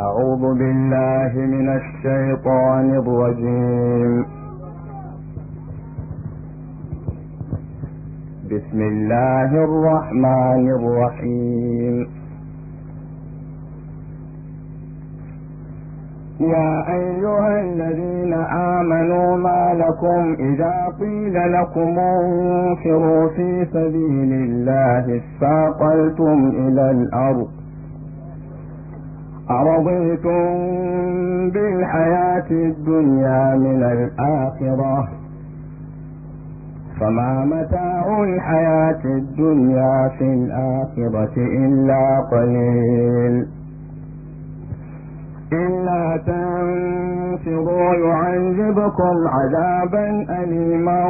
أعوذ بالله من الشيطان الرجيم بسم الله الرحمن الرحيم يا أيها الذين آمنوا ما لكم إذا قيل لكم انفروا في سبيل الله استاقلتم إلى الأرض أرضيتم بالحياة الدنيا من الآخرة فما متاع الحياة الدنيا في الآخرة إلا قليل إلا تنفروا يعذبكم عذابا أليما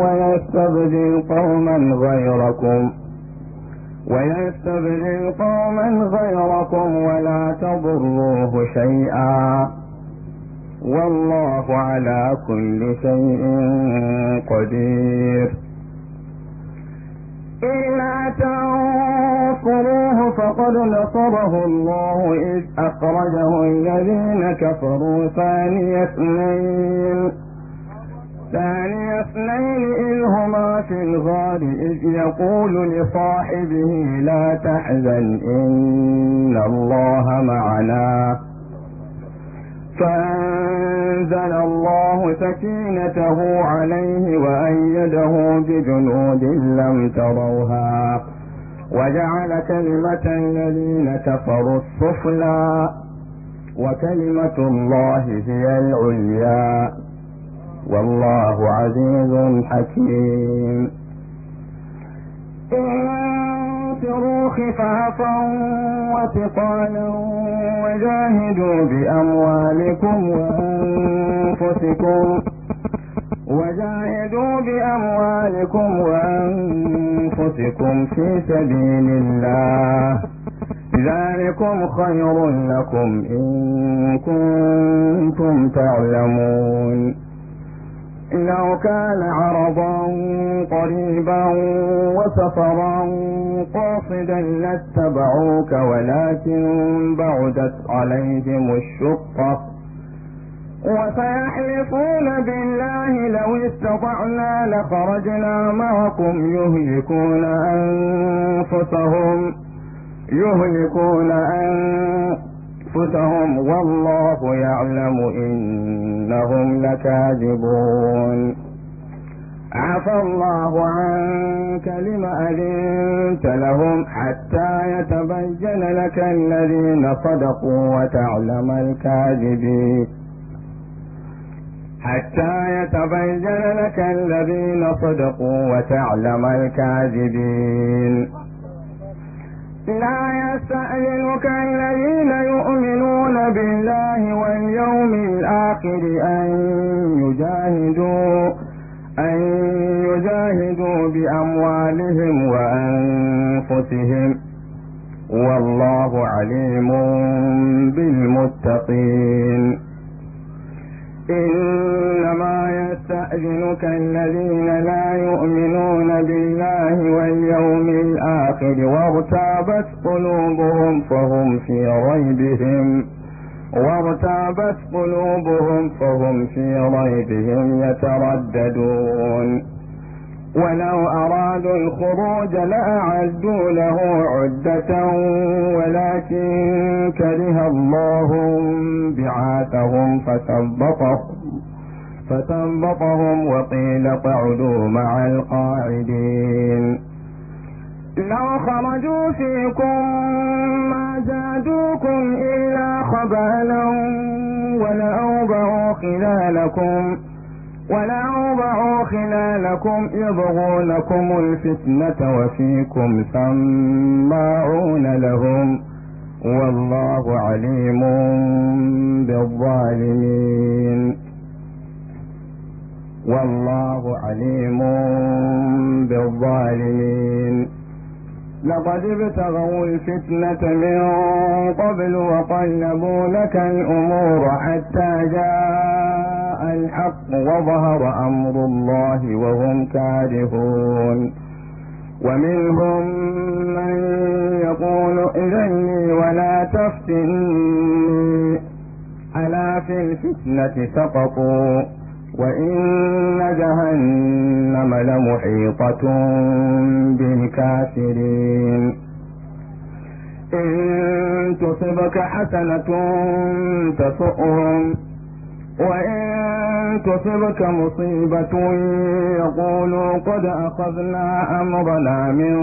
ويستبدل قوما غيركم ويستبدل قوما غيركم ولا تضروه شيئا والله على كل شيء قدير إلا تنصروه فقد نصره الله إذ أخرجه الذين كفروا ثاني اثنين ثاني اثنين إذ هم في الغار إذ يقول لصاحبه لا تحزن إن الله معنا فأنزل الله سكينته عليه وأيده بجنود لم تروها وجعل كلمة الذين كفروا السفلى وكلمة الله هي العليا والله عزيز حكيم انفروا خفافا وثقالا وجاهدوا بأموالكم وأنفسكم وجاهدوا بأموالكم وأنفسكم في سبيل الله ذلكم خير لكم إن كنتم تعلمون لو كان عرضا قريبا وسفرا قاصدا لاتبعوك ولكن بعدت عليهم الشقة وسيحلفون بالله لو استطعنا لخرجنا معكم يهلكون أنفسهم يهلكون أنفسهم أنفسهم والله يعلم إنهم لكاذبون عفى الله عنك لم أذنت لهم حتى يتبين لك الذين صدقوا وتعلم الكاذبين حتى يتبين لك الذين صدقوا وتعلم الكاذبين لا يستأذنك الذين يؤمنون بالله واليوم الآخر أن يجاهدوا أن يجاهدوا بأموالهم وأنفسهم والله عليم بالمتقين إنما يستأذنك الذين لا يؤمنون بالله واليوم الآخر وارتابت قلوبهم فهم في ريبهم وارتابت قلوبهم فهم في ريبهم يترددون ولو أرادوا الخروج لأعدوا له عدة ولكن كره الله بعاثهم فثبطهم وقيل قعدوا مع القاعدين لو خرجوا فيكم ما زادوكم إلا خبالا ولأوضعوا خلالكم ولا أوضع خلالكم يبغونكم الفتنة وفيكم سماعون لهم والله عليم بالظالمين والله عليم بالظالمين لقد ابتغوا الفتنة من قبل وقلبوا لك الأمور حتى جاءوا الحق وظهر أمر الله وهم كارهون ومنهم من يقول إذني ولا تفتني ألا في الفتنة سقطوا وإن جهنم لمحيطة بالكافرين إن تصبك حسنة تسؤهم وإن تصبك مصيبة يقولوا قد أخذنا أمرنا من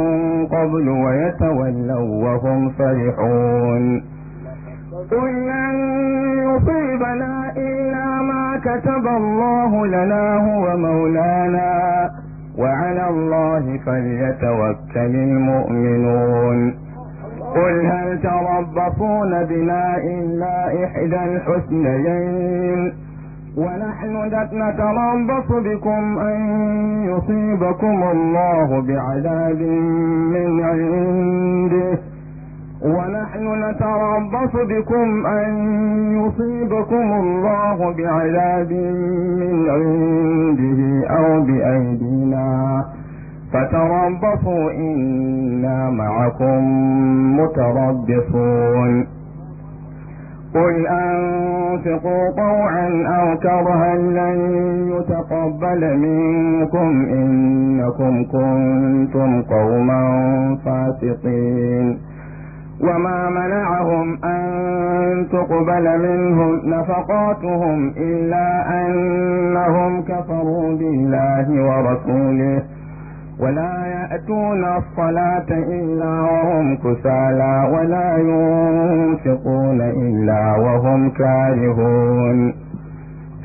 قبل ويتولوا وهم فرحون قل لن يصيبنا إلا ما كتب الله لنا هو مولانا وعلى الله فليتوكل المؤمنون قل هل تربصون بنا إلا إحدى الحسنيين ونحن نتربص بكم أن يصيبكم الله بعذاب من عنده ونحن نتربص بكم أن يصيبكم الله بعذاب من عنده أو بأيدينا فتربصوا إنا معكم متربصون قل أنفقوا طوعا أو كرها لن يتقبل منكم إنكم كنتم قوما فاسقين وما منعهم أن تقبل منهم نفقاتهم إلا أنهم كفروا بالله ورسوله ولا يأتون الصلاة إلا وهم كسالى ولا ينفقون إلا وهم كارهون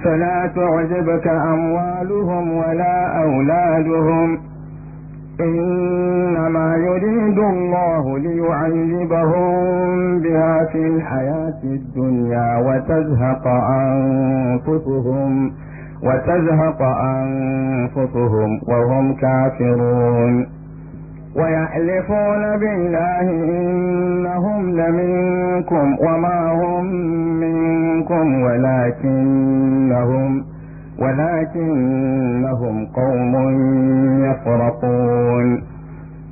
فلا تعجبك أموالهم ولا أولادهم إنما يريد الله ليعذبهم بها في الحياة الدنيا وتزهق أنفسهم وتزهق أنفسهم وهم كافرون ويحلفون بالله إنهم لمنكم وما هم منكم ولكنهم ولكنهم قوم يفرقون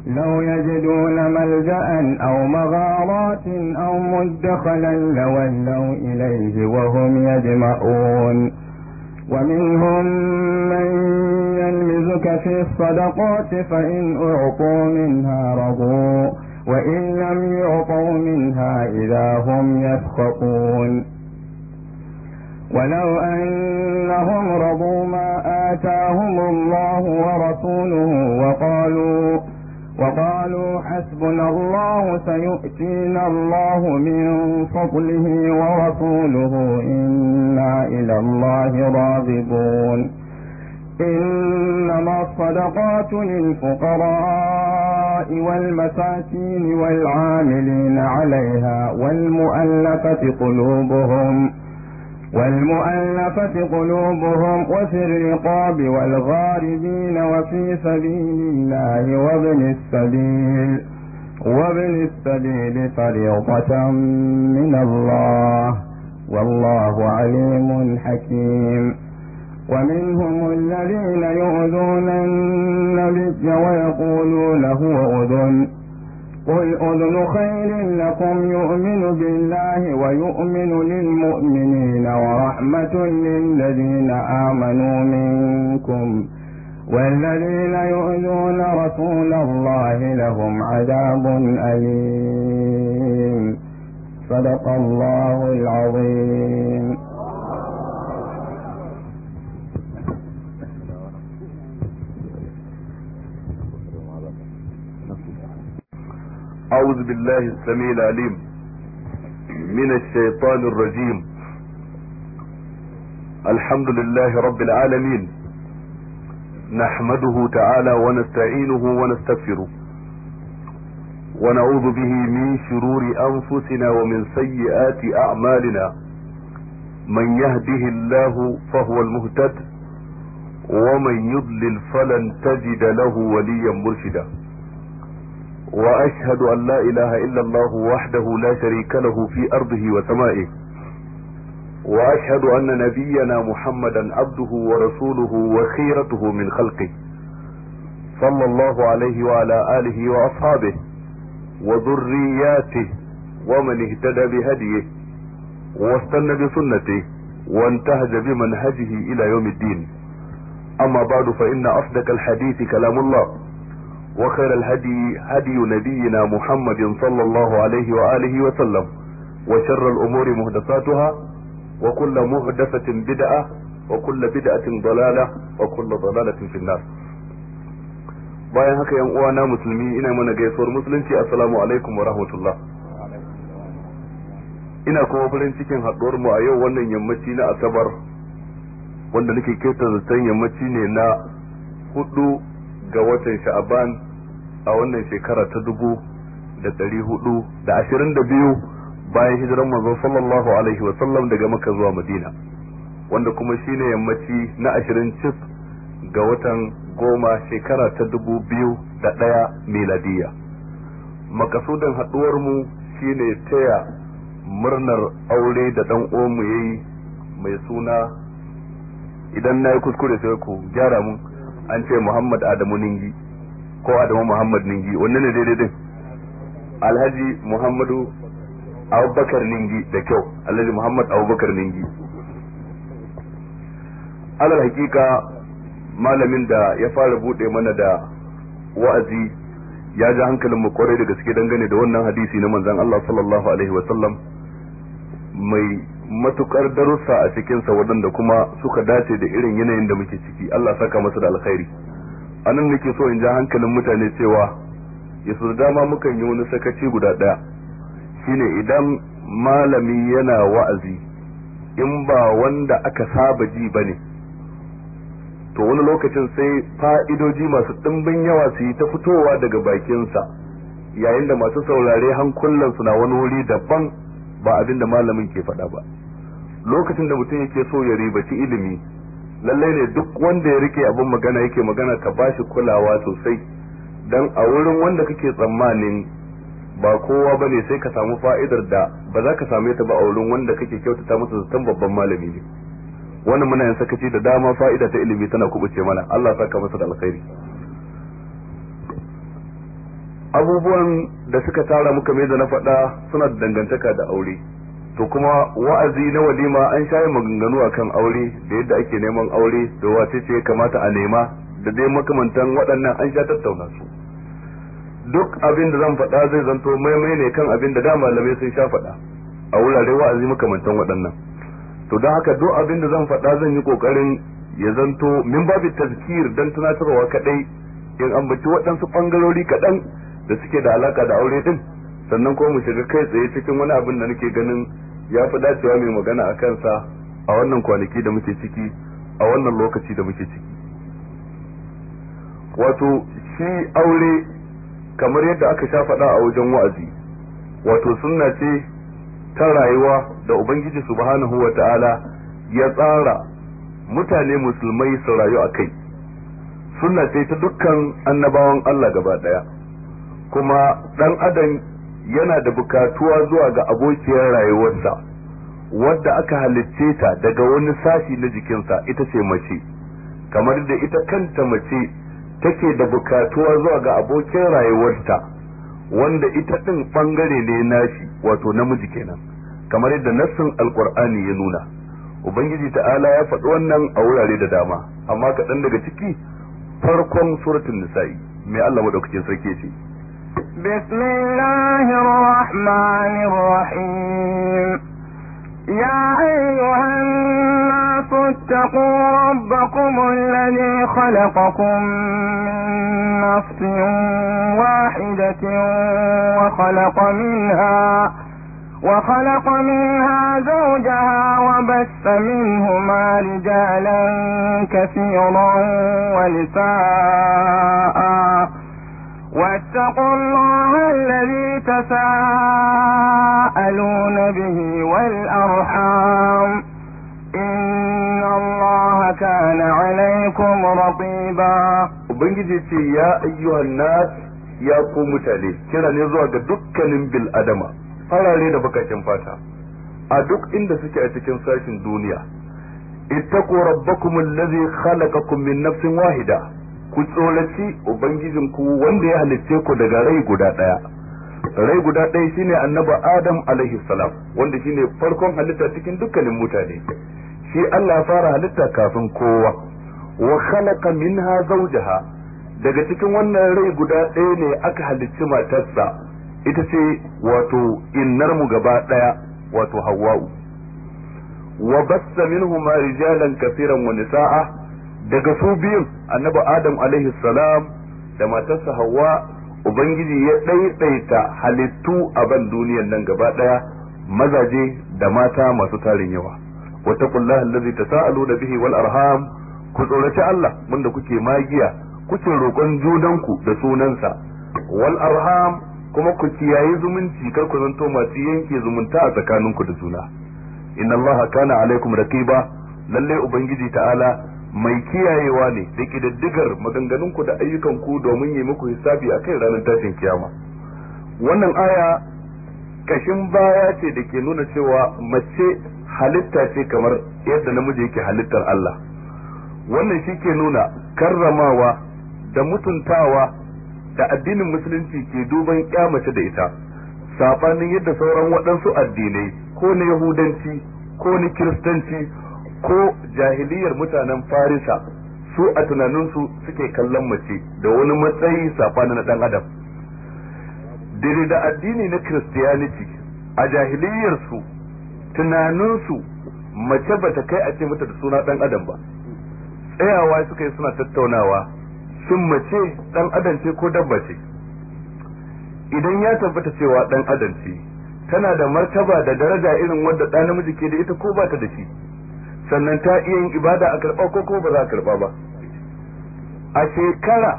لو يجدون ملجأ أو مغارات أو مدخلا لولوا إليه وهم يجمعون ومنهم من يلمزك في الصدقات فإن أعطوا منها رضوا وإن لم يعطوا منها إذا هم يسخطون ولو أنهم رضوا ما آتاهم الله ورسوله وقالوا وقالوا حسبنا الله سيؤتينا الله من فضله ورسوله إنا إلى الله راغبون إنما الصدقات للفقراء والمساكين والعاملين عليها والمؤلفة قلوبهم ۖ والمؤلفة قلوبهم وفي الرقاب والغاربين وفي سبيل الله وابن السبيل وابن السبيل فريضة من الله والله عليم حكيم ومنهم الذين يؤذون النبي ويقولون هو أذن قل أذن خير لكم يؤمن بالله ويؤمن للمؤمنين ورحمة للذين آمنوا منكم والذين يؤذون رسول الله لهم عذاب أليم صدق الله العظيم أعوذ بالله السميع العليم من الشيطان الرجيم الحمد لله رب العالمين نحمده تعالى ونستعينه ونستغفره ونعوذ به من شرور أنفسنا ومن سيئات أعمالنا من يهده الله فهو المهتد ومن يضلل فلن تجد له وليا مرشدا واشهد ان لا اله الا الله وحده لا شريك له في ارضه وسمائه واشهد ان نبينا محمدا عبده ورسوله وخيرته من خلقه صلى الله عليه وعلى اله واصحابه وذرياته ومن اهتدى بهديه واستنى بسنته وانتهج بمنهجه الى يوم الدين اما بعد فان اصدق الحديث كلام الله وخير الهدي هدي نبينا محمد صلى الله عليه وآله وسلم وشر الأمور مهدفاتها وكل مهدفة بدعة وكل بدعة ضلالة وكل ضلالة في النار bayan haka yan uwana musulmi ina mana gaisuwar musulunci assalamu alaikum wa rahmatullah ina kuma farin cikin haɗuwar mu a yau wannan yammaci na asabar wanda nake kirta zaton yammaci ne na hudu ga watan sha'aban a wannan shekara ta dubu da ɗari hudu da ashirin da biyu bayan hijiran manzon sallallahu alaihi wa daga maka zuwa madina wanda kuma shine yammaci na ashirin cif ga watan goma shekara ta dubu biyu da ɗaya miladiya makasudan haɗuwarmu shine taya murnar aure da ɗan omu ya yi mai suna idan na yi kuskure sai ku gyara mun an ce muhammad adamu ningi ko adamu muhammad ningi wanne ne daidai din alhaji muhammadu abubakar ningi da kyau alhaji muhammad abubakar ningi alal hakika malamin da ya fara bude mana da wa'azi ya ji hankalin mu kwarai da gaske dangane da wannan hadisi na manzon Allah sallallahu alaihi wa sallam mai matukar darussa a cikinsa wadanda kuma suka dace da irin yanayin da muke ciki Allah saka masa da alkhairi anan nake so in ji hankalin mutane cewa ya yasu dama mukan yi wani sakaci guda daya shine idan malami yana wa'azi in ba wanda aka saba ji ba ne. to wani lokacin sai fa'idoji masu dimbin yawa su yi ta fitowa daga bakinsa yayin da masu saurare hankulansu na wani wuri daban ba abin da malamin ke faɗa ba lokacin da mutum yake so ya ribaci ilimi lallai ne duk wanda ya rike abin magana yake magana ka bashi kulawa sosai dan a wurin wanda kake tsammanin ba kowa bane sai ka samu fa'idar da ba za ka same ta ba a wurin wanda kake kyautata masa zaton babban malami ne wannan muna yin sakaci da dama fa'ida ta ilimi tana kubuce mana Allah saka masa da alkhairi abubuwan da suka tara muka mai da na faɗa suna da dangantaka da aure to kuma wa'azi na walima an shayi maganganu akan aure da yadda ake neman aure da wace ce kamata a nema da dai makamantan waɗannan an sha tattauna su duk abin da zan faɗa zai zanto maimai ne kan abin da da malamai sun sha faɗa a wurare wa'azi makamantan waɗannan to don haka duk abin da zan faɗa zan yi ƙoƙarin ya zanto min babu tazkir dan tunatarwa kaɗai in ambaci waɗansu ɓangarori kaɗan da suke da alaka da aure din sannan kuma mu shiga kai tsaye cikin wani abin da nake ganin ya fi dacewa mai magana a kansa a wannan kwanaki da muke ciki a wannan lokaci da muke ciki wato shi aure kamar yadda aka sha faɗa a wajen wa'azi wato sunna ce ta rayuwa da ubangiji subhanahu wa ta'ala ya tsara mutane musulmai su rayu a kai sunna ce ta dukkan annabawan Allah gaba ɗaya kuma ɗan adam yana da bukatuwa zuwa ga abokiyar rayuwarsa wadda aka halicce ta daga wani sashi na jikinsa ita ce mace kamar da ita kanta mace take da bukatuwa zuwa ga abokin rayuwarta wanda ita ɗin ɓangare ne nashi wato namiji kenan kamar yadda nassin alkur'ani ya nuna ubangiji ta'ala ya faɗi wannan a wurare da dama amma kaɗan daga ciki farkon suratun nisa'i mai allah maɗaukakin sarki ce بسم الله الرحمن الرحيم يا أيها الناس اتقوا ربكم الذي خلقكم من نفس واحدة وخلق منها وخلق منها زوجها وبث منهما رجالا كثيرا ونساء واتقوا الله الذي تساءلون به والأرحام إن الله كان عليكم رقيبا Ubangiji ce ya ayyuhan nas ya ku mutane kira ne zuwa ga dukkanin bil adama farare da bakakin fata a duk inda suke a cikin sashin duniya ittaqu rabbakum allazi khalaqakum min nafsin wahida ku tsoraci ubangijin ku wanda ya halicce ku daga rai guda daya rai guda daya shine annabi adam alaihi salam wanda shine farkon halitta cikin dukkanin mutane shi Allah fara halitta kafin kowa wa khalaqa minha zawjaha daga cikin wannan rai guda daya ne aka halicci matarsa ita ce wato innar mu gaba daya wato hawwa wa bassa minhuma rijalan kaseeran wa nisaa'a daga su biyun annabi adam alaihi salam da matarsa hawa ubangiji ya ɗaiɗaita halittu a ban duniyar nan gaba ɗaya mazaje da mata masu tarin yawa wata kullaha allazi tasaalu da bihi wal arham ku tsoraci Allah wanda kuke magiya kuke roƙon junanku da sunansa wal arham kuma ku kiyaye zumunci kar ku zanto masu yanke zumunta a tsakaninku da juna inna allaha kana alaikum raqiba lalle ubangiji ta'ala mai kiyayewa ne da kididdigar maganganunku da ayyukanku domin yi muku hisabi a kai ranar tashin kiyama wannan aya kashin baya ce da ke nuna cewa mace halitta ce kamar yadda namiji yake halittar Allah wannan shi ke nuna karramawa da mutuntawa da addinin musulunci ke duban mace da ita saɓanin yadda sauran waɗansu addinai ko na yahudanci ko na kiristanci ko jahiliyar mutanen farisa su a tunaninsu suke kallon mace da wani matsayi safani na dan adam da addini na christianity a jahiliyarsu tunaninsu mace bata kai a ce mata da suna dan adam ba tsayawa suka yi suna tattaunawa sun mace dan adam ce ko dabba ce idan ya tabbata cewa dan adam ce tana da martaba da daraja irin wadda ɗan namiji ke da ita ko ba ta da shi sannan ta iya yin ibada a karɓa ko ko ba za a karɓa ba a shekara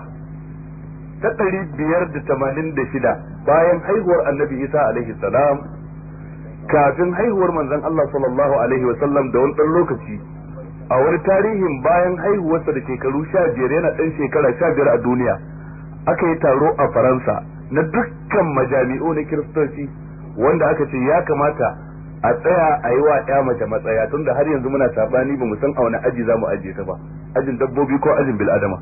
ta ɗari biyar da tamanin da shida bayan haihuwar annabi isa alaihi salam kafin haihuwar manzon allah sallallahu alaihi wasallam da wani ɗan lokaci a wani tarihin bayan haihuwarsa da shekaru sha biyar yana ɗan shekara sha biyar a duniya aka yi taro a faransa na dukkan majami'u na kiristoci wanda aka ce ya kamata a tsaya a yi wa ya mace matsaya tun da har yanzu muna sabani ba mu san a wani aji za mu ajiye ta ba ajin dabbobi ko ajin bil'adama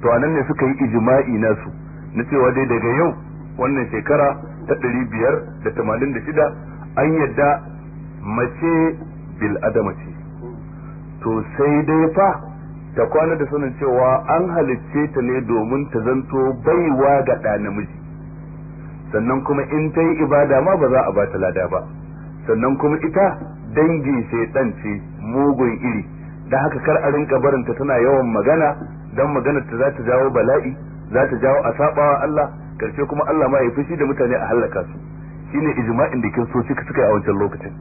to anan ne suka yi ijma'i nasu na cewa dai daga yau wannan shekara ta ɗari biyar da tamanin da shida an yadda mace bil'adama ce to sai dai fa ta kwana da sanin cewa an halicce ta ne domin ta zanto baiwa ga ɗa namiji sannan kuma in ta yi ibada ma ba za a ba ta lada ba sannan kuma ita dangin shaidan ce mugun iri da haka kar a rinka barinta tana yawan magana dan maganar ta za ta jawo bala'i za ta jawo a sabawa Allah karshe kuma Allah ma ya fushi da mutane a halaka su shine ijma'in da ke so suka suka a wancan lokacin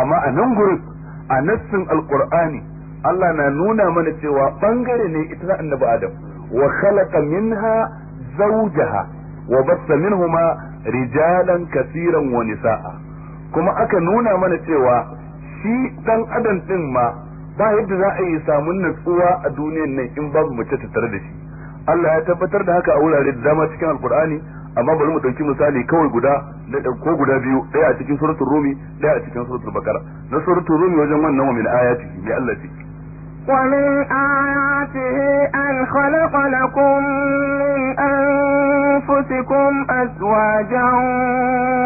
amma a nan gurin a nassin alqur'ani Allah na nuna mana cewa bangare ne ita na annabi Adam wa khalaqa minha zawjaha wa batta minhuma rijalan kaseeran wa nisaa kuma aka nuna mana cewa shi dan adam din ma ba yadda za a yi samun natsuwa a duniyan nan in babu mace tattare da shi Allah ya tabbatar da haka a wurare da dama cikin alkur'ani amma bari mu misali kawai guda ko guda biyu daya a cikin suratul rumi daya a cikin suratul bakara na suratul rumi wajen wannan wa min ayatihi ya Allah ciki ومن آياته أن خلق لكم من أنفسكم أزواجا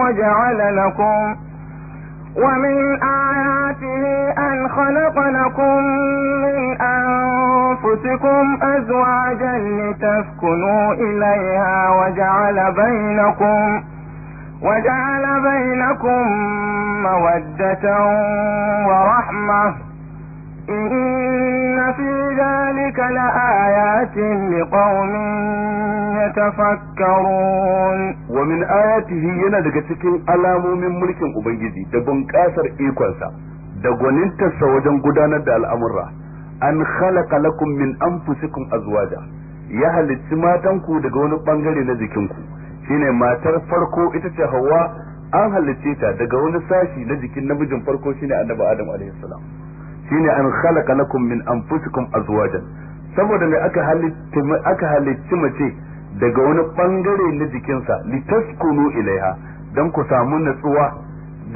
وجعل لكم ومن آياته أن خلق لكم من أنفسكم أزواجا لتسكنوا إليها وجعل بينكم وجعل بينكم مودة ورحمة إن في ذلك لآيات لقوم يتفكرون wa min ayatihi yana daga cikin alamomin mulkin ubangiji da bunƙasar ikonsa da gwanintarsa wajen gudanar da al'amura. an khalaqa lakum min anfusikum azwaja ya halicci matanku daga wani bangare na jikinku shine matar farko ita ce hawa an halicce ta daga wani sashi na jikin namijin farko shine annabi adam alaihi salam shine an khalaqa lakum min anfusikum azwaja saboda me aka halicci aka halicci mace daga wani bangare na jikinsa litaskunu ilaiha dan ku samu natsuwa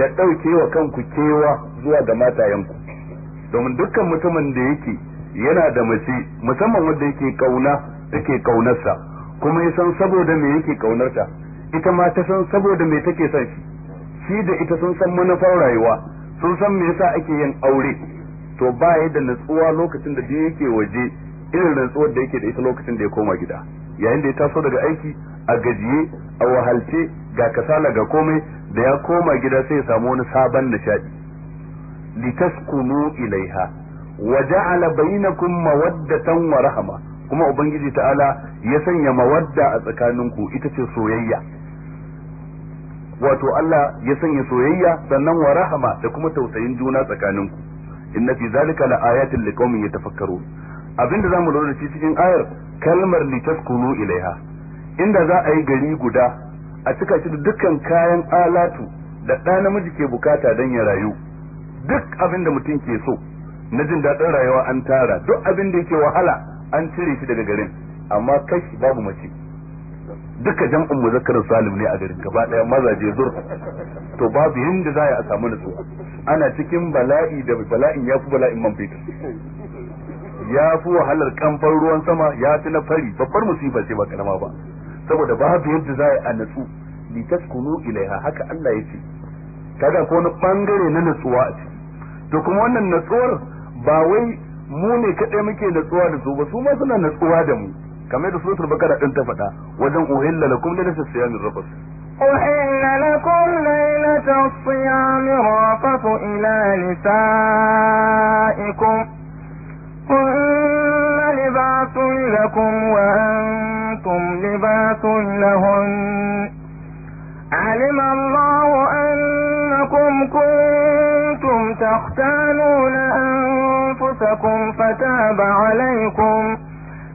da ɗaukewa kanku kewa zuwa ga matayenku domin dukkan mutumin da yake yana da mace musamman wanda yake kauna take kaunarsa kuma ya san saboda me yake kaunarta ita ma ta san saboda me take son shi shi da ita sun san manufar rayuwa sun san me yasa ake yin aure to ba da natsuwa lokacin da yake waje irin natsuwar da yake da ita lokacin da ya koma gida yayin da ya taso daga aiki a gajiye a wahalce ga kasala ga komai da ya koma gida sai ya samu wani sabon nishadi litaskunu ilaiha wa ja'ala bainakum mawaddatan wa rahma kuma ubangiji ta'ala ya sanya mawadda a tsakaninku ita ce soyayya wato Allah ya sanya soyayya sannan wa rahama da kuma tausayin juna tsakaninku inna fi zalika la ayatin liqaumin yatafakkarun abinda zamu lura da shi cikin ayar kalmar litaskunu ilaiha inda za a yi gari guda a cika shi da dukkan kayan alatu da ɗa namiji ke bukata dan ya rayu duk abinda mutum ke so na jin daɗin rayuwa an tara duk abinda da yake wahala an cire shi daga garin amma kai babu mace duka jam'un muzakkarin salim ne a garin gaba daya mazaje zur to babu yanda za a samu nutsuwa ana cikin bala'i da bala'in yafi bala'in man fetur ya fi wahalar kamfar ruwan sama ya fi na fari babbar musifa ce ba karama ba saboda babu yadda za a natsu li taskunu ilaiha haka Allah ya ce kaga ko wani bangare na natsuwa a ciki to kuma wannan natsuwar ba wai mu ne kadai muke natsuwa da su ba su ma suna natsuwa da mu kamar da suratul bakara din ta faɗa wajen uhilla lakum هن لباس لكم وأنتم لباس لهن علم الله أنكم كنتم تختانون أنفسكم فتاب عليكم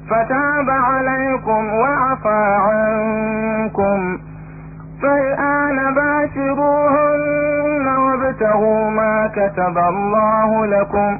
فتاب عليكم وعفى عنكم فالآن باشروهن وابتغوا ما كتب الله لكم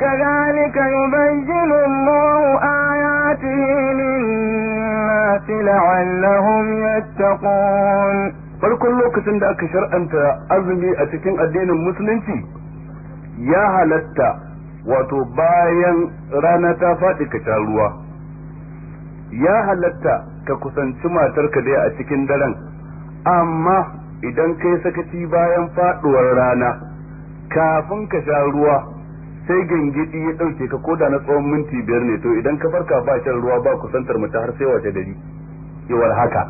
كذلك يبين الله آياته للناس لعلهم يتقون farkon lokacin da aka shar'anta azumi a cikin addinin musulunci ya halatta wato bayan rana ta faɗi ka sha ruwa ya halatta ka kusanci matarka dai a cikin daren amma idan kai sakaci bayan faɗuwar rana kafin ka sha ruwa sai gangidi ya dauke ka koda na tsawon minti biyar ne to idan ka farka ba shan ruwa ba kusantar mace har sai wace gari yawar haka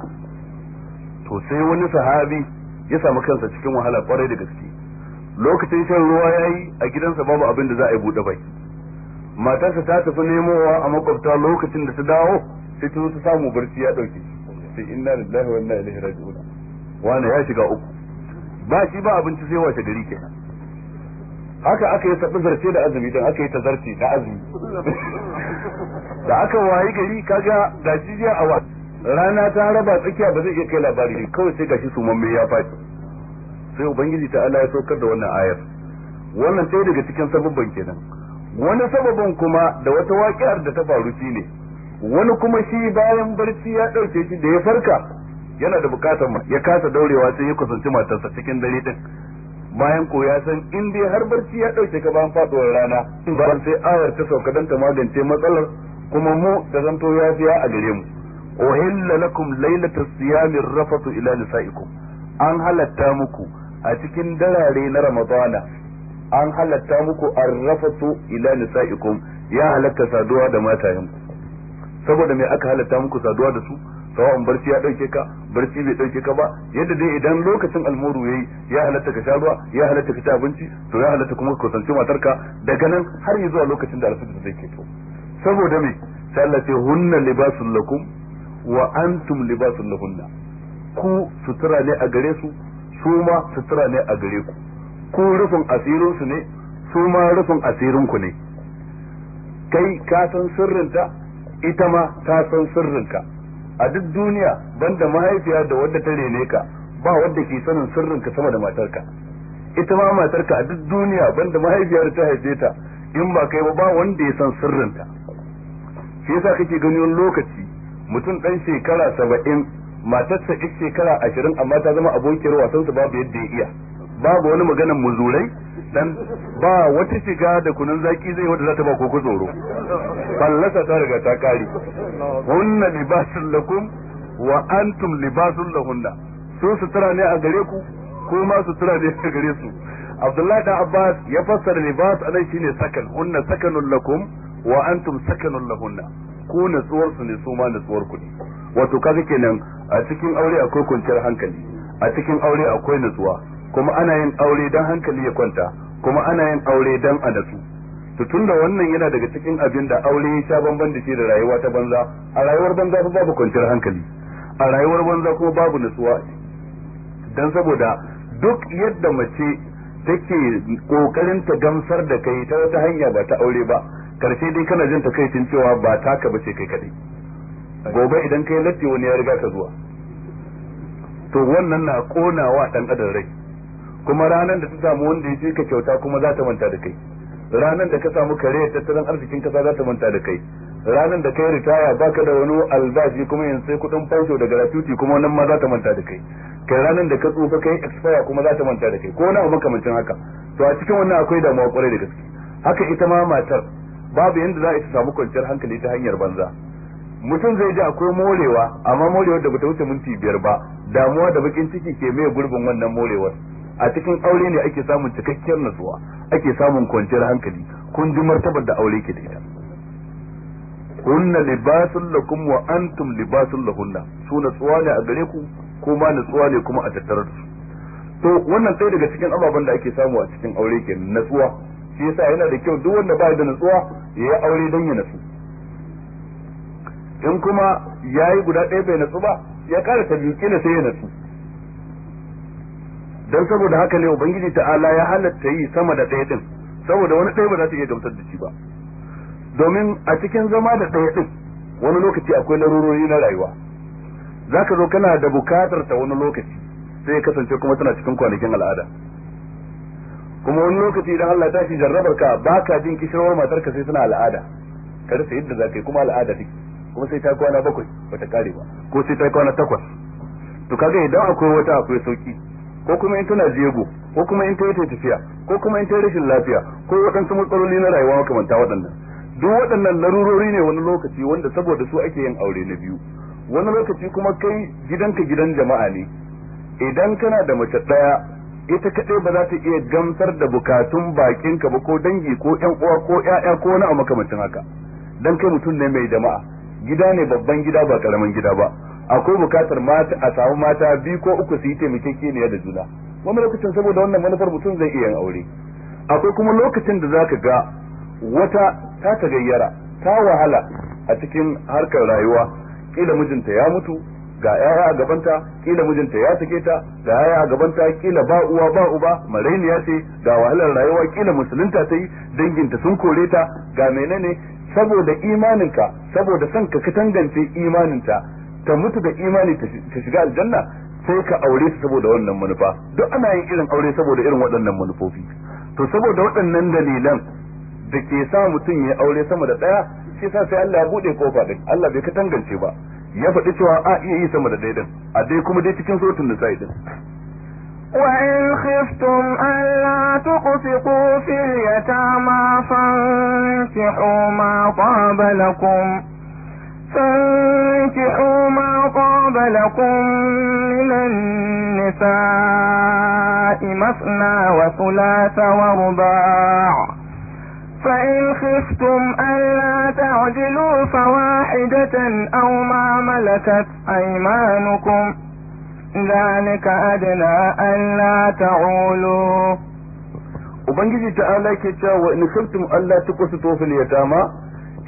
to sai wani sahabi ya samu kansa cikin wahala kwarai da gaske lokacin shan ruwa yayi a gidansa babu abin da za a yi bude bai matarsa ta tafi nemowa a makwabta lokacin da ta dawo sai ta ta samu barci ya dauke sai inna lillahi wa inna ilaihi raji'un wani ya shiga uku ba shi ba abinci sai wace gari kenan haka aka yi taɓi zarce da azumi don aka yi ta zarce da azumi da aka wayi gari kaga ga jijiya a wasu rana ta raba tsakiya ba zai iya kai labari ne kawai sai gashi su mamme ya faɗi sai ubangiji ta Allah ya saukar da wannan ayar wannan sai daga cikin sababban kenan wani sababin kuma da wata waƙiyar da ta faru shi ne wani kuma shi bayan barci ya ɗauke shi da ya farka yana da bukatar ya kasa daurewa sai ya kusanci matarsa cikin dare din bayan ko ya san in dai har barci ya dauke ka bayan faduwar rana ban sai ayar ta sauka dan ta magance matsalar kuma mu da zanto fiya a gare mu uhilla lakum lailatul siyami rafatu ila nisaikum an halatta muku a cikin darare na ramadana an halatta muku arrafatu ila nisaikum ya halatta saduwa da matayen saboda me aka halatta muku saduwa da su sawa'un barci ya ɗauke ka barci bai ɗauke ka ba yadda dai idan lokacin almuru yayi ya halatta ka sha ruwa ya halatta ka abinci to ya halatta kuma ka kusanci matarka daga nan har yi zuwa lokacin da alfajir zai to saboda me sai Allah ce hunna libasul lakum wa antum libasul lahunna ku sutura ne a gare su su ma sutura ne a gare ku ku rufin asirin su ne su ma rufin asirin ku ne kai ka san sirrinta ita ma ta san sirrinka a duk duniya banda mahaifiya da wadda ta rene ka ba wadda ke sanin sirrinka sama da matarka ita ma matarka a duk duniya banda mahaifiyar ta haife ta in ba kai ba ba wanda ya san sirrinta shi yasa kake gani wani lokaci mutum dan shekara saba'in matarsa ita shekara ashirin amma ta zama abokiyar wasansa babu yadda ya iya babu wani maganan muzurai dan ba wata shiga da kunun zaki zai wanda za ta ba koko tsoro fallasa ta riga ta kare hunna libasun lakum wa antum libasun lahunna su sutura ne a gare ku ko ma sutura ne a gare su abdullahi da abbas ya fassara libas anan shine sakan hunna sakanun lakum wa antum sakanun lahunna ku natsuwar su ne su ma natsuwar ku ne wato kaga kenan a cikin aure akwai kwanciyar hankali a cikin aure akwai natsuwa kuma ana yin aure dan hankali ya kwanta kuma ana yin aure dan a natsu to tunda wannan yana daga cikin abin da aure ya sha bamban da shi da rayuwa ta banza a rayuwar banza babu kwanciyar hankali a rayuwar banza kuma babu natsuwa dan saboda duk yadda mace take kokarin ta gamsar da kai ta wata hanya ba ta aure ba karshe dai kana jin ta takaicin cewa ba taka bace kai kadai gobe idan kai latti wani ya riga ka zuwa to wannan na konawa dan adam rai kuma ranar da ta samu wanda ya cika kyauta kuma za ta manta da kai ranar da ka samu kare tattalin arzikin kasa za ta manta da kai ranar da kai ritaya baka da wani albashi kuma yanzu sai kudin fansho da gratuity kuma wannan ma za ta manta da kai kai ranar da ka tsufa kai expire kuma za ta manta da kai ko wani abu makamancin haka to a cikin wannan akwai damuwa kwarai da gaske haka ita ma matar babu yanda za a samu kwanciyar hankali ta hanyar banza mutum zai ji akwai morewa amma morewar da bata wuce minti biyar ba damuwa da bakin ciki ke mai gurbin wannan morewar a cikin aure ne ake samun cikakkiyar natsuwa ake samun kwanciyar hankali kun ji martabar da aure ke da ita Kunna libasul lakum wa antum libasul lahunna su natsuwa ne a gare ku kuma natsuwa ne kuma a tattare da su to wannan sai daga cikin ababen da ake samu a cikin aure ke natsuwa shi yasa yana da kyau duk wanda ba da natsuwa ya yi aure don ya natsu in kuma yayi guda ɗaya bai natsu ba ya ƙara ta biyu kila sai ya nasu dan saboda haka ne ubangiji ta'ala ya halatta yi sama da ɗaya din saboda wani ɗaya ba za ta iya gamsar da shi ba domin a cikin zama da ɗaya din wani lokaci akwai larurori na rayuwa zaka zo kana da bukatar ta wani lokaci sai ya kasance kuma tana cikin kwanakin al'ada kuma wani lokaci idan Allah ta shi jarrabar ka baka jin kishirwar matar ka sai suna al'ada ka rasa yadda za ka yi kuma al'ada take kuma sai ta kwana bakwai ba ta kare ba ko sai ta kwana takwas to kaga idan akwai wata akwai sauki ko kuma in tana jego ko kuma in ta yi tafiya ko kuma in ta rashin lafiya ko waɗansu matsaloli na rayuwa makamanta waɗannan duk waɗannan larurori ne wani lokaci wanda saboda su ake yin aure na biyu wani lokaci kuma kai gidanka gidan jama'a ne idan kana da mace ɗaya ita kaɗai ba za ta iya gamsar da bukatun bakinka ba ko dangi ko ƴan uwa ko ƴaƴa ko wani abu makamancin haka dan kai mutum ne mai jama'a gida ne babban gida ba karamin gida ba akwai bukatar mata a samu mata biyu ko uku su yi taimakekeniya da juna wani lokacin saboda wannan manufar mutum zai iya yin aure akwai kuma lokacin da zaka ga wata ta ta gayyara ta wahala a cikin harkar rayuwa kila mijinta ya mutu ga yaya a gabanta kila mijinta ya take ta ga yaya a gabanta kila ba uwa ba uba marainiya ce ga wahalar rayuwa kila musulunta ta yi danginta sun kore ta ga menene saboda imaninka saboda son ka ka tangance imaninta ta mutu da imani ta shiga aljanna sai ka aure su saboda wannan manufa duk ana yin irin aure saboda irin waɗannan manufofi to saboda waɗannan dalilan da ke sa mutum ya aure sama da ɗaya shi sa sai Allah ya buɗe kofa din Allah bai ka tangance ba ya faɗi cewa a iya yi sama da ɗaya din a dai kuma dai cikin sautin nisa'i din وإن خفتم ألا تقسطوا في اليتامى فانكحوا ما طاب لكم فانكحوا ما طاب لكم من النساء مثنى وثلاث ورباع فإن خفتم ألا تعجلوا فواحدة أو ما ملكت أيمانكم ذلك أدنى ألا تعولوا وبنجي ta'ala ke cewa in kuntum Allah ta kusa tofil yatama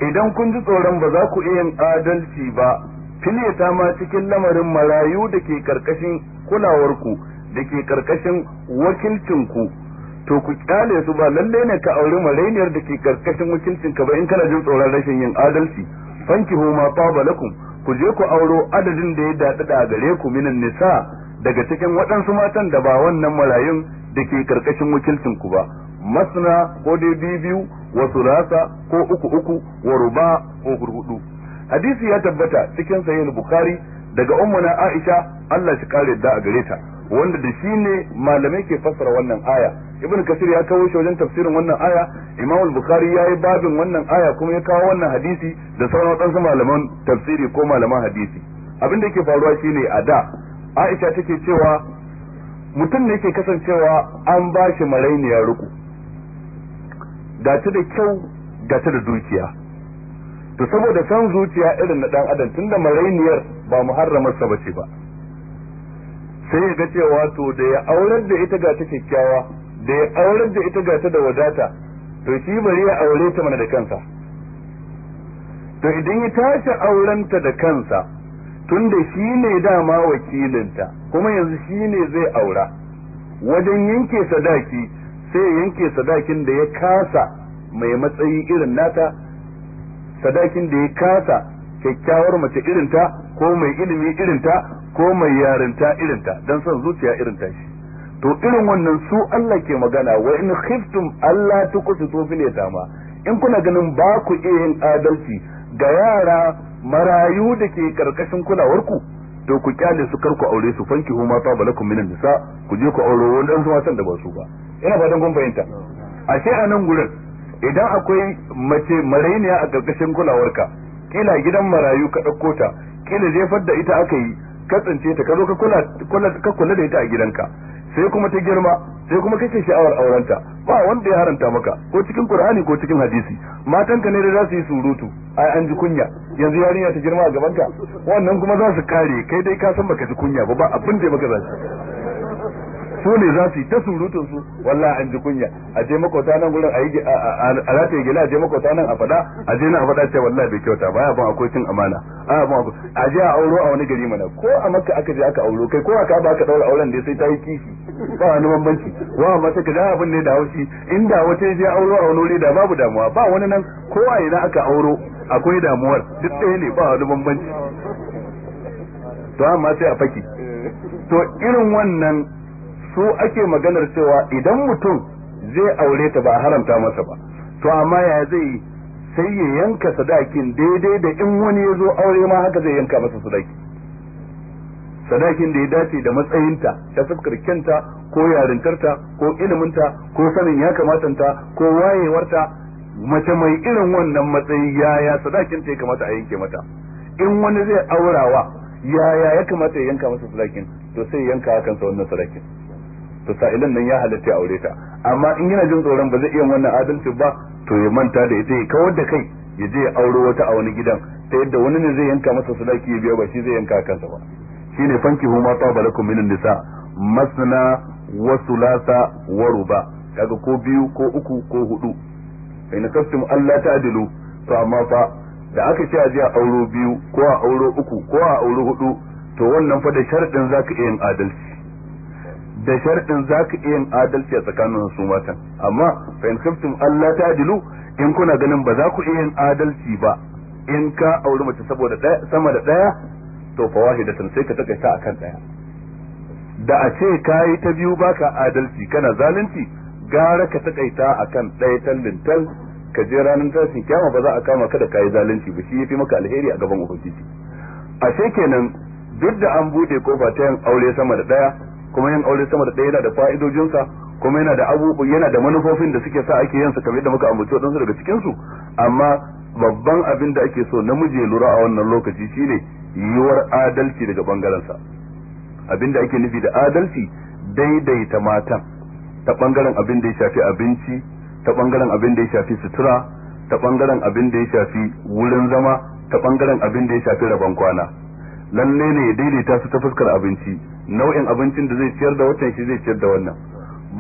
idan kun ji tsoron ba za ku iya yin adalci ba fili ta ma cikin lamarin marayu da ke karkashin kulawarku da ke karkashin wakilcinku to ku kyale su ba lalle ne ka auri marainiyar da ke karkashin wakilcinka ba in kana jin tsoron rashin yin adalci fanki homa ba lakum ku je ku auro adadin da ya daɗaɗa da gare ku minan nisa daga cikin waɗansu matan da ba wannan marayun da ke karkashin wakilcin ku ba masna ko dai biyu biyu wa sulasa ko uku uku wa ruba ko hurhudu hadisi ya tabbata cikin sahih bukhari daga ummuna aisha Allah shi kare da a gare ta wanda da shi ne malamai ke fassara wannan aya ibn kasir ya kawo shi wajen tafsirin wannan aya imam al-bukhari ya yi babin wannan aya kuma ya kawo wannan hadisi da sauran wadansu malaman tafsiri ko malaman hadisi abin da yake faruwa shine a da aisha take cewa mutum ne ke kasancewa an ba shi marainiya ruku ga ta da kyau ga ta da dukiya to saboda san zuciya irin na dan adam tunda marainiyar ba muharramarsa bace ba sai ya ga cewa to da ya aurar da ita ga ta kyakkyawa da ya aurar da ita ga ta da wadata to shi bari ya aure ta mana da kansa to idan ya tashi aurenta da kansa tunda shi ne dama wakilinta kuma yanzu shi ne zai aura wajen yanke sadaki sai yanke sadakin da ya kasa mai matsayi irin nata sadakin da ya kasa kyakkyawar mace irinta ko mai ilimi irinta ko mai yarinta irinta don son zuciya irinta shi to irin wannan su Allah ke magana wa in khiftum Allah tukutu to ne dama in kuna ganin ba ku iya yin adalci ga yara marayu da ke karkashin kulawarku to ku kyale su kar ku aure su fanki huma ta balakum minan nisa ku je ku aure wani zuwa san da ba su ba ina fatan kun fahimta ce a nan gurin idan akwai mace marainiya a karkashin kulawarka kila gidan marayu ka ɗauko ta kila jefar da ita aka yi ka tsince ta ka zo ka kula da ita a gidanka sai kuma ta girma sai kuma kake sha'awar aurenta ba wanda ya haranta maka ko cikin qur'ani ko cikin hadisi matanka ne da za su yi surutu ai an ji kunya yanzu yarinya ta girma a gabanka wannan kuma za su kare kai dai ka san baka ji kunya ba ba abin da maka zai su ne za su yi ta surutun su wallahi an ji kunya a je makauta nan gurin a yi a rataye gila a je makauta nan a faɗa a je nan a faɗa ce wallahi bai kyauta ba ya ban akwai cin amana a ban a je a auro a wani gari mana ko a makka aka je aka auro kai ko aka ba ka daura auren da sai ta yi kishi ba wani bambanci wa amma sai ka da abin ne da haushi inda wata je auro a wani wuri da babu damuwa ba wani nan ko a ina aka auro akwai damuwar duk ɗaya ne ba wani bambanci to amma sai a faki to irin wannan su ake maganar cewa idan mutum zai aure ta ba haramta masa ba to amma ya zai sai ya yanka sadakin daidai da in wani ya zo aure ma haka zai yanka masa sadaki sadakin da ya dace da matsayinta ta fuskar kyanta ko yarintarta ko iliminta ko sanin ya kamatanta ko wayewarta mace mai irin wannan matsayi yaya sadakin ta ya kamata a yanke mata in wani zai aurawa yaya ya kamata ya yanka masa sadakin to sai yanka sa wannan sadakin to sa'ilan nan ya halatta ya aure ta amma in yana jin tsoron ba zai iya wannan adalci ba to ya manta da ita ya kawar da kai ya je ya auro wata a wani gidan ta yadda wani ne zai yanka masa sadaki ya biya ba shi zai yanka kansa ba shine fanki huma ta balakum minan nisa masna wa thulatha wa ruba kaga ko biyu ko uku ko hudu kai na kastum Allah adilu to amma fa da aka ce a je a auro biyu ko a auro uku ko a auro hudu to wannan fa da sharadin zaka iya yin adalci da sharɗin za ka iya yin adalci a tsakanin su matan amma fa in Allah ta ta'dilu in kuna ganin ba za ku iya yin adalci ba in ka auri mace saboda sama da ɗaya to fa da sai ka takaita kan ɗaya da a ce ka yi ta biyu baka adalci kana zalunci gara ka takaita kan ɗaya tallin tal ka je ranar tashin kyama ba za a kama ka da kayi zalunci ba shi ya fi maka alheri a gaban ubangiji ashe kenan duk da an buɗe kofa ta yin aure sama da ɗaya kuma yin aure sama da ɗaya yana da fa'idojinsa kuma yana da abubuwa yana da manufofin da suke sa ake yin sa kamar yadda muka ambaci wadansu daga cikin su amma babban abin da ake so na ya lura a wannan lokaci shine yiwuwar adalci daga bangaren sa abin da ake nufi da adalci daidaita matan ta bangaren abin da ya shafi abinci ta bangaren abin da ya shafi sutura ta bangaren abin da ya shafi wurin zama ta bangaren abin da ya shafi rabon kwana lalle ne ya daidaita su ta fuskar abinci nau'in abincin da zai ciyar da watan shi zai ciyar da wannan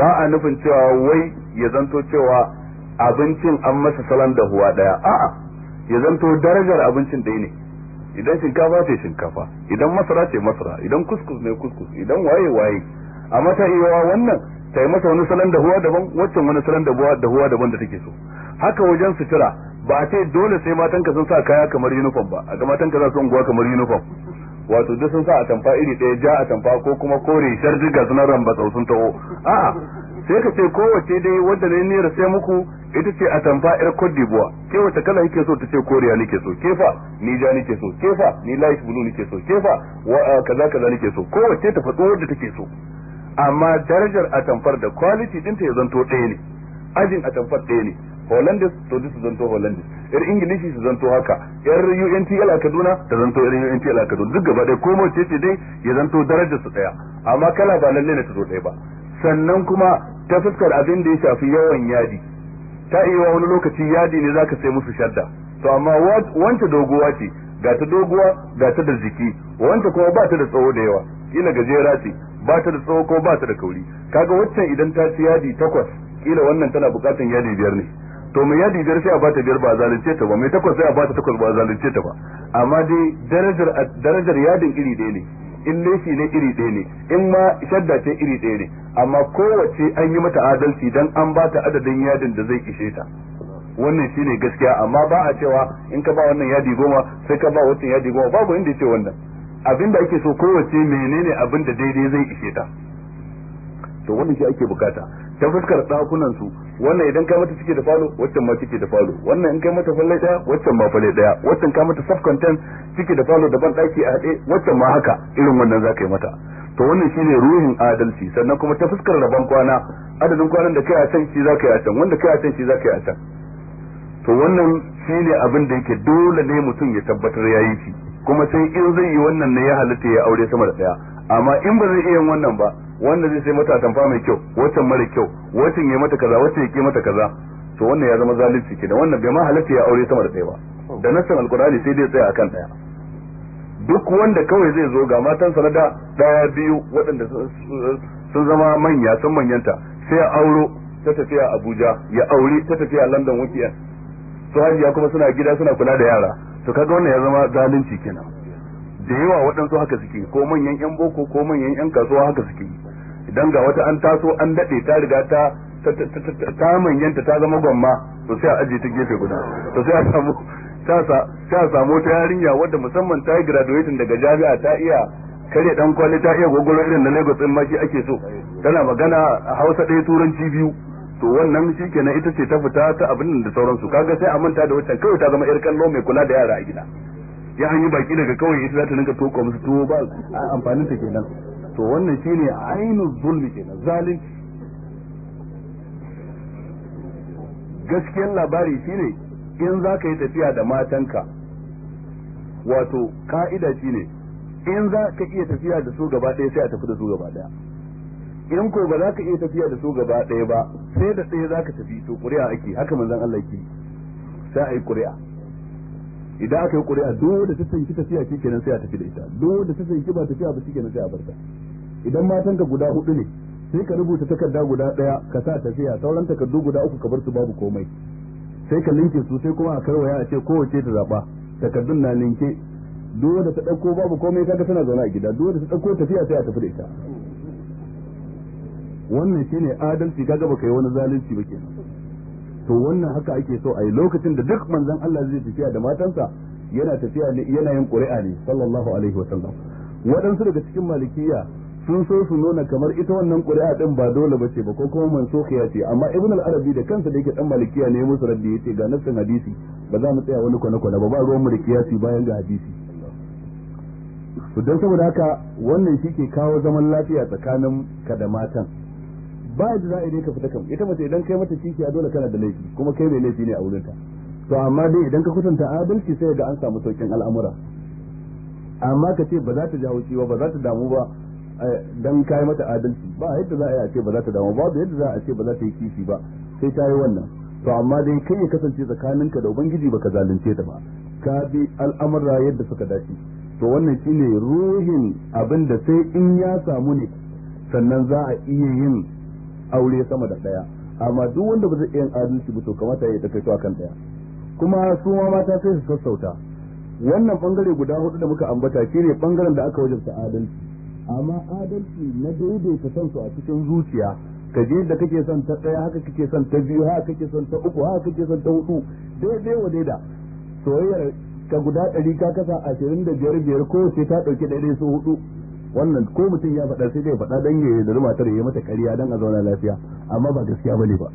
ba a nufin cewa wai ya zanto cewa abincin an masa salon da huwa daya a'a ya zanto darajar abincin ɗaya ne idan shinkafa ce shinkafa idan masara ce masara idan kuskus ne kuskus idan waye waye a mata iya wannan ta yi masa wani salon da huwa daban waccan wani salon da huwa daban da take so haka wajen sutura ba a ce dole sai matanka sun sa kaya kamar uniform ba a ga matanka za su unguwa kamar uniform wato duk sun sa a tamfa iri ɗaya ja a tamfa ko kuma kore shar diga sunan rambatsau sun taho a'a sai ka ce kowace dai wadda yi nera sai muku ita ce a tamfa yar Cote d'Ivoire ke wace kala yake so ta ce koriya nake so ke fa ni ja nake so ke fa ni light blue nake so ke fa kaza kaza nake so kowace ta faɗo wadda take so amma darajar a tamfar da quality ɗinta ya zanto ɗaya ne ajin a tamfar ɗaya ne hollandis to su zanto hollandis yar ingilishi su zanto haka yar UNTL a Kaduna ta zanto yar UNTL a Kaduna duk gaba ɗaya ko mace ce dai ya zanto darajar su ɗaya amma kala ba lalle ne ta zo ɗaya ba sannan kuma ta fuskar abin da ya shafi yawan yadi ta iya wani lokaci yadi ne zaka sai musu shadda to amma wanta doguwa ce ga ta doguwa ga ta da jiki wanta kuma ba ta da tsawo da yawa kila gajera ce ba ta da tsawo ko ba ta da kauri kaga waccan idan ta ci yadi takwas kila wannan tana bukatan yadi biyar ne to mai yadi biyar sai a bata biyar ba a zalunce ta ba mai takwas sai a bata takwas ba a zalunce ta ba amma dai darajar yadin iri ɗaya ne in laifi ne iri ɗaya ne in ma shadda ce iri ɗaya ne amma kowace an yi mata adalci dan an bata adadin yadin da zai ishe ta wannan shine gaskiya amma ba a cewa in ka ba wannan yadi goma sai ka ba wancan yadi goma babu inda ce wannan abin da ake so kowace menene abin da daidai zai ishe ta to wannan shi ake bukata ta fuskar dakunan su wannan idan kai mata cike da falo waccan ma cike da falo wannan in kai mata falle daya waccan ma falle daya waccan kai mata sub content cike da falo daban daki a hade waccan ma haka irin wannan ka yi mata to wannan shine ruhin adalci sannan kuma ta fuskar rabon kwana adadin kwanan da kai a can shi ka yi a can wanda kai a can shi ka yi a can to wannan shine abin da yake dole ne mutum ya tabbatar yayi shi kuma sai in zai yi wannan ne ya halatta ya aure sama da daya amma in ba zai iya yin wannan ba wanda zai sai mata tamfa mai kyau wancan mara kyau wancan ya mata kaza wancan ya ke mata kaza to wannan ya zama zalunci kenan wannan bai ma halatta ya aure sama da ɗaya ba da nassan alkurani sai dai tsaya akan ɗaya duk wanda kawai zai zo ga matan na da ɗaya biyu waɗanda sun zama manya sun manyanta sai ya auro ta tafiya Abuja ya aure ta tafiya London wakiya su hajiya kuma suna gida suna kula da yara to kaga wannan ya zama zalunci kenan da yawa waɗansu haka suke ko manyan yan boko ko manyan yan kasuwa haka suke idan ga wata an taso an daɗe ta riga ta ta manyanta ta zama gwamma to sai a ajiye ta gefe guda to sai a samu ta samu ta yarinya wadda musamman ta yi graduation daga jami'a ta iya kare dan kwali ta iya gogoro irin na Lagos din ma ake so tana magana a Hausa ɗaya turanci biyu to wannan shikenan ita ce ta fita ta abin da sauransu kaga sai a manta da wacce kawai ta zama yar kallo mai kula da yara a gida ya an yi baki daga kawai ita za ta nika toko musu tuwo ba amfanin ta kenan to wannan shine ainu zulmi kenan zalunci gaskiyar labari shine in za ka yi tafiya da matanka wato ka'ida shine in za ka iya tafiya da su gaba ɗaya sai a tafi da su gaba ɗaya in ko ba za ka iya tafiya da su gaba ɗaya ba sai da ɗaya za ka tafi to ƙuri'a ake haka manzan Allah ke sai a yi ƙuri'a idan aka yi ƙuri'a duk da ta sanki tafiya shi kenan sai a tafi da ita duk da ta sanki ba tafiya ba shi kenan sai a barta idan matan ka guda hudu ne sai ka rubuta takarda guda daya ka sa tafiya sauran takardu guda uku ka bar su babu komai sai ka linke su sai kuma a kai waya a ce kowace ta zaba takardun na linke duk da ta dauko babu komai kaga tana zaune a gida duk da ta dauko tafiya sai a tafi da ita wannan shine adalci kaga baka yi wani zalunci ba kenan to wannan haka ake so a yi lokacin da duk manzon Allah zai tafiya da matansa yana tafiya ne yana yin ƙuri'a ne sallallahu alaihi wa sallam waɗansu daga cikin malikiyya sun so su nuna kamar ita wannan ƙuri'a din ba dole ba ce ba ko kuma sokiya ce amma ibn al-arabi da kansa da yake dan malikiyya ne musu raddi yace ga nassin hadisi ba za mu tsaya wani kwana kwana ba ba ruwan mu da kiyasi bayan ga hadisi to dan saboda haka wannan shi ke kawo zaman lafiya tsakanin ka da matan ba da za a yi ka fita kan ita mace idan kai mata a dole kana da laifi kuma kai mai laifi ne a wurin ta to amma dai idan ka kusanta adalci sai ga an samu saukin al'amura amma ka ce ba za ta jawo ciwo ba ba za ta damu ba eh, dan kai mata adalci ba yadda za a yi a ce ba za ta damu ba yadda za a ce ba za ta yi kishi ba sai ta yi wannan to amma dai kai ya kasance tsakaninka da ubangiji baka zalunce ta ba ka bi al'amura yadda suka dace to wannan shine ruhin abin da sai in ya samu ne sannan za a iya yin aure sama da daya amma duk wanda ba zai iya adalci ba to kamata ya takaito akan daya kuma su ma mata sai su sassauta wannan bangare guda hudu da muka ambata shine bangaren da aka wajabta adalci amma adalci na daidaita son su a cikin zuciya ka je da kake son ta daya haka kake son ta biyu haka kake son ta uku haka kake son ta hudu daidai wa daida soyayyar ka guda ɗari ka kasa ashirin da biyar biyar ko sai ta ɗauki daidai su hudu wannan ko mutum ya faɗa sai dai faɗa dan yayi da matar ya mata ƙarya dan a zauna lafiya amma ba gaskiya bane ba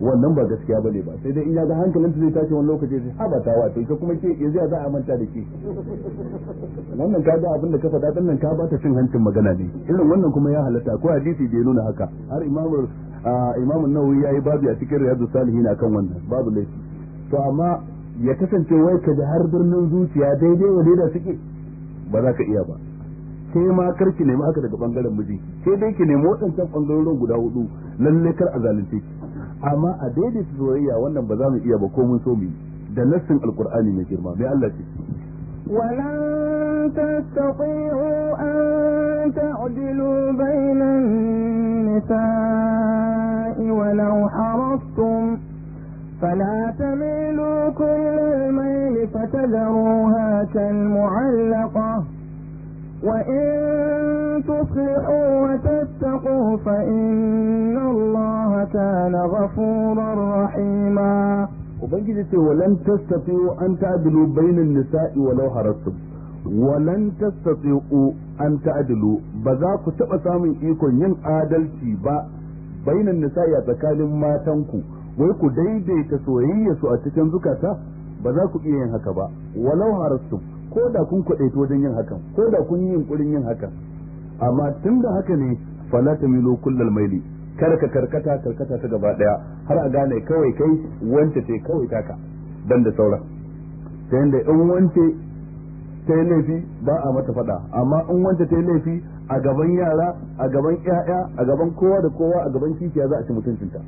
wannan ba gaskiya bane ba sai dai in ya ga hankalinta zai tashi wani lokaci sai haba ta wato ita kuma ke yanzu za a manta da ke wannan ka ga abin da ka faɗa nan ka bata cin hancin magana ne irin wannan kuma ya halatta ko hadisi bai nuna haka har imamu imamu nawawi yayi babu a cikin riyadu salihin akan wannan babu laifi to amma ya kasance wai ka da har birnin zuciya daidai wa da suke ba za ka iya ba sai ma karki ki nemi aka daga bangaren miji sai dai ki nemi waɗancan bangarorin guda hudu lalle kar a zalunce ki amma a daidai su soyayya wannan ba za mu iya ba ko mun so mu da nassin alqur'ani mai girma mai Allah ce ولن تستطيعوا أن تعدلوا بين النساء ولو حرصتم فلا تميلوا كل الميل فتذروها كالمعلقة وإن تصلحوا وتتقوا فإن الله كان غفورا رحيما وبنجد ولن تستطيعوا أن تعدلوا بين النساء ولو حرصتم ولن تستطيعوا أن تعدلوا بذاك تبقى سامي إيكو آدل كيبا بين النساء يتكالم ما تنكو wai ku daidaita soyayya a cikin zukata ba za ku iya yin haka ba walau harastu ko da kun kwadaito wajen yin hakan ko da kun yi yunkurin yin hakan amma tun da haka ne fala milo kullal maili kar ka karkata karkata ta gaba daya har a gane kawai kai wanta ce kawai taka dan da sauran ta yanda in wance ta yi laifi ba a mata fada amma in wance ta yi laifi a gaban yara a gaban 'ya'ya a gaban kowa da kowa a gaban kishiya za a ci mutuncinta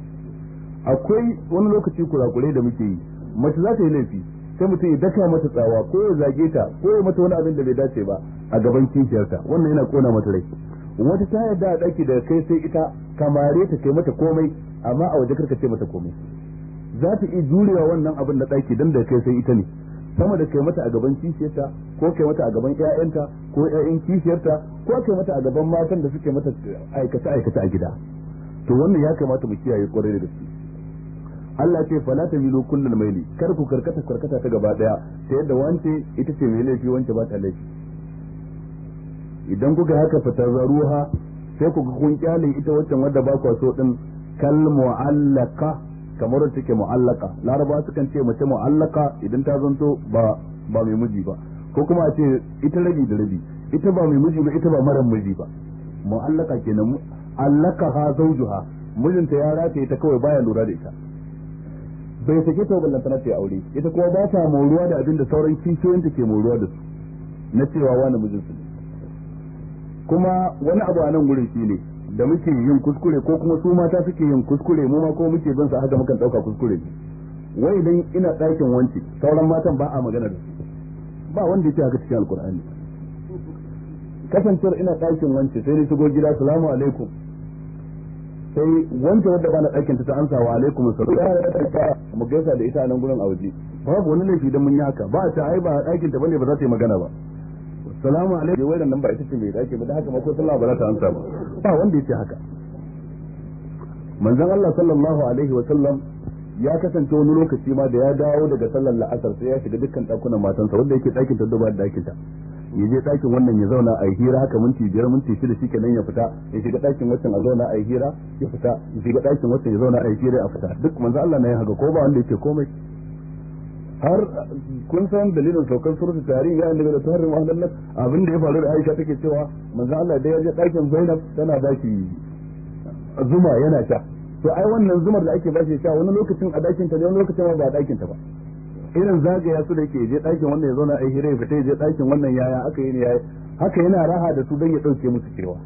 akwai wani lokaci kurakurai da muke yi mace za ta yi laifi sai mutum ya daka mata tsawa ko ya zage ta ko ya mata wani abin da bai dace ba a gaban kishiyarta wannan yana kona mata rai wata ta yarda a daki daga kai sai ita kamare ta kai mata komai amma a waje karka ce mata komai za ta iya jurewa wannan abin na daki dan da kai sai ita ne sama da kai mata a gaban kishiyarta ko kai mata a gaban ƴaƴanta ko ƴaƴan kishiyarta ko kai mata a gaban matan da suke mata aikata-aikata a gida to wannan ya kamata mu kiyaye kwarai da gaske Allah ce falata ta milo kullal maili kar ku karkata karkata ta gaba daya ta yadda wance ita ce mai laifi wance ba ta laifi idan kuka haka fatazaruha sai ku kun kyale ita waccan wadda ba ku so din kal mu'allaka kamar wacce take mu'allaka laraba sukan ce mace mu'allaka idan ta zanto ba ba mai miji ba ko kuma a ce ita rabi da rabi ita ba mai miji ba ita ba mara miji ba mu'allaka kenan allaka ha zawjuha mijinta ya rataye ta kawai baya lura da ita bai sake ta ballan tana ta aure ita kuma ba ta moruwa da abin da sauran kishiyoyin ke moruwa da su na cewa wani mijin su kuma wani abu a nan gurin shi ne da muke yin kuskure ko kuma su mata suke yin kuskure mu ma ko muke bin su haka mukan dauka kuskure ne wai idan ina ɗakin wanci sauran matan ba a magana da su ba wanda yake haka cikin alkur'ani kasancewar ina ɗakin wance sai ni shigo gida salamu alaikum sai wancan wadda ba na ɗakin ta ansa wa alaikum assalam mu gaisa da ita a nan gurin a waje babu wani laifi idan mun yi haka ba ta ai ba ɗakin ta bane ba za ta yi magana ba assalamu alaikum wai nan ba ita ce mai ɗakin ba da haka ma ko sallama ba za ta ansa ba ba wanda ya ce haka manzon Allah sallallahu alaihi wa sallam ya kasance wani lokaci ma da ya dawo daga sallar la'asar sai ya shiga dukkan dakunan matansa wanda yake dakin ta duba da dakin ta ya je ɗakin wannan ya zauna a hira haka minti biyar minti shida shi kenan ya fita ya shiga ɗakin wancan a zauna a hira ya fita ya shiga ɗakin wancan ya zauna a hira a fita duk manzo Allah na yin haka ko ba wanda yake komai har kun san dalilin saukar surutu tarihi ya inda da tarin wahalar abin da ya faru da Aisha take cewa manzo Allah da ya je ɗakin Zainab tana daki zuma yana sha to ai wannan zumar da ake bashi sha wani lokacin a ɗakin ta ne wani lokacin ba a ɗakin ta ba irin zagaya su da yake je ɗakin wannan ya zauna a hira ya fita ya je ɗakin wannan yaya aka yi ne haka yana raha da su don ya ɗauke musu cewa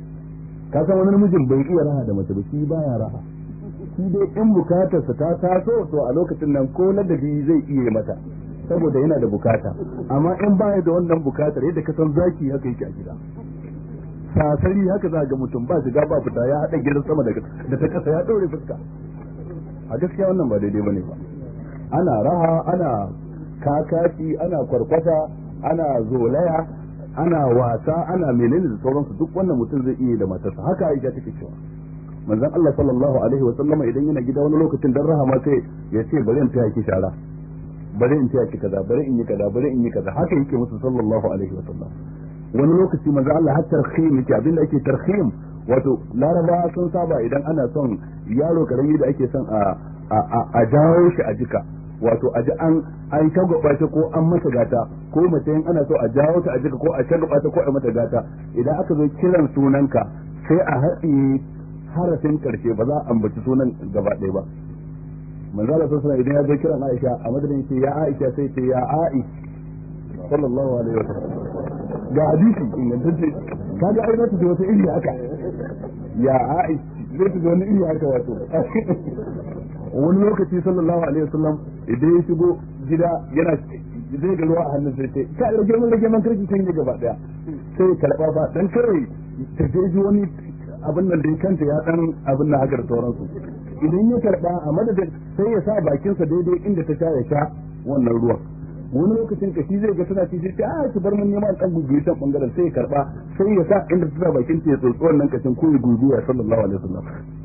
ka san wani mijin bai iya raha da mace ba shi baya raha shi dai in bukatarsa ta taso to a lokacin nan ko ladabi zai iya mata saboda yana da bukata amma in baya da wannan bukatar yadda ka san zaki haka yake a gida sasari haka za ga mutum ba shiga ba fita ya haɗa gidan sama da ta kasa ya ɗaure fuska a gaskiya wannan ba daidai ba ne ba ana raha ana Ka kakaci ana kwarkwata ana zolaya ana wasa ana menene da sauransu duk wannan mutum zai iya da matarsa haka aisha take cewa manzon Allah sallallahu alaihi wa sallama idan yana gida wani lokacin dan rahama sai ya ce bari in taya ki shara bari in taya ki kaza bari in yi kaza bari in yi kaza haka yake musu sallallahu alaihi wa sallam wani lokaci manzon Allah har tarhim yake abinda ake tarhim wato laraba sun saba idan ana son yaro karami da ake son a a a jawo shi a jika wato a ji an an shagwaba ta ko an mata gata ko mace in ana so a jawo ta a jika ko a shagwaba ta ko a mata gata idan aka zo kiran sunanka sai a haɗi harafin karshe ba za a ambaci sunan gaba ɗaya ba manzo Allah sallallahu idan ya zo kiran Aisha a madadin ce ya Aisha sai ce ya ai. sallallahu alaihi wasallam ga hadisi ingantacce kaga ai za ta ji wata iri haka ya ai zai ta ji wani iri haka wato wani lokaci sallallahu alaihi wasallam idan ya shigo gida yana zai ga ruwa a hannun sai sai ka rage mun rage man kirki can gaba daya sai ya karba ba dan kare ta je ji wani abin nan da ya kanta ya dan abin nan haka da sauransu idan ya karba a madadin sai ya sa bakinsa daidai inda ta sha ya sha wannan ruwan wani lokacin ka shi zai ga tana ci sai a ah, ki bar mun neman kan gugu ta bangaren sai ya karba sai ya sa inda ta bakin ta ya tsotsi wannan kashin koyi gugu ya sallallahu alaihi wasallam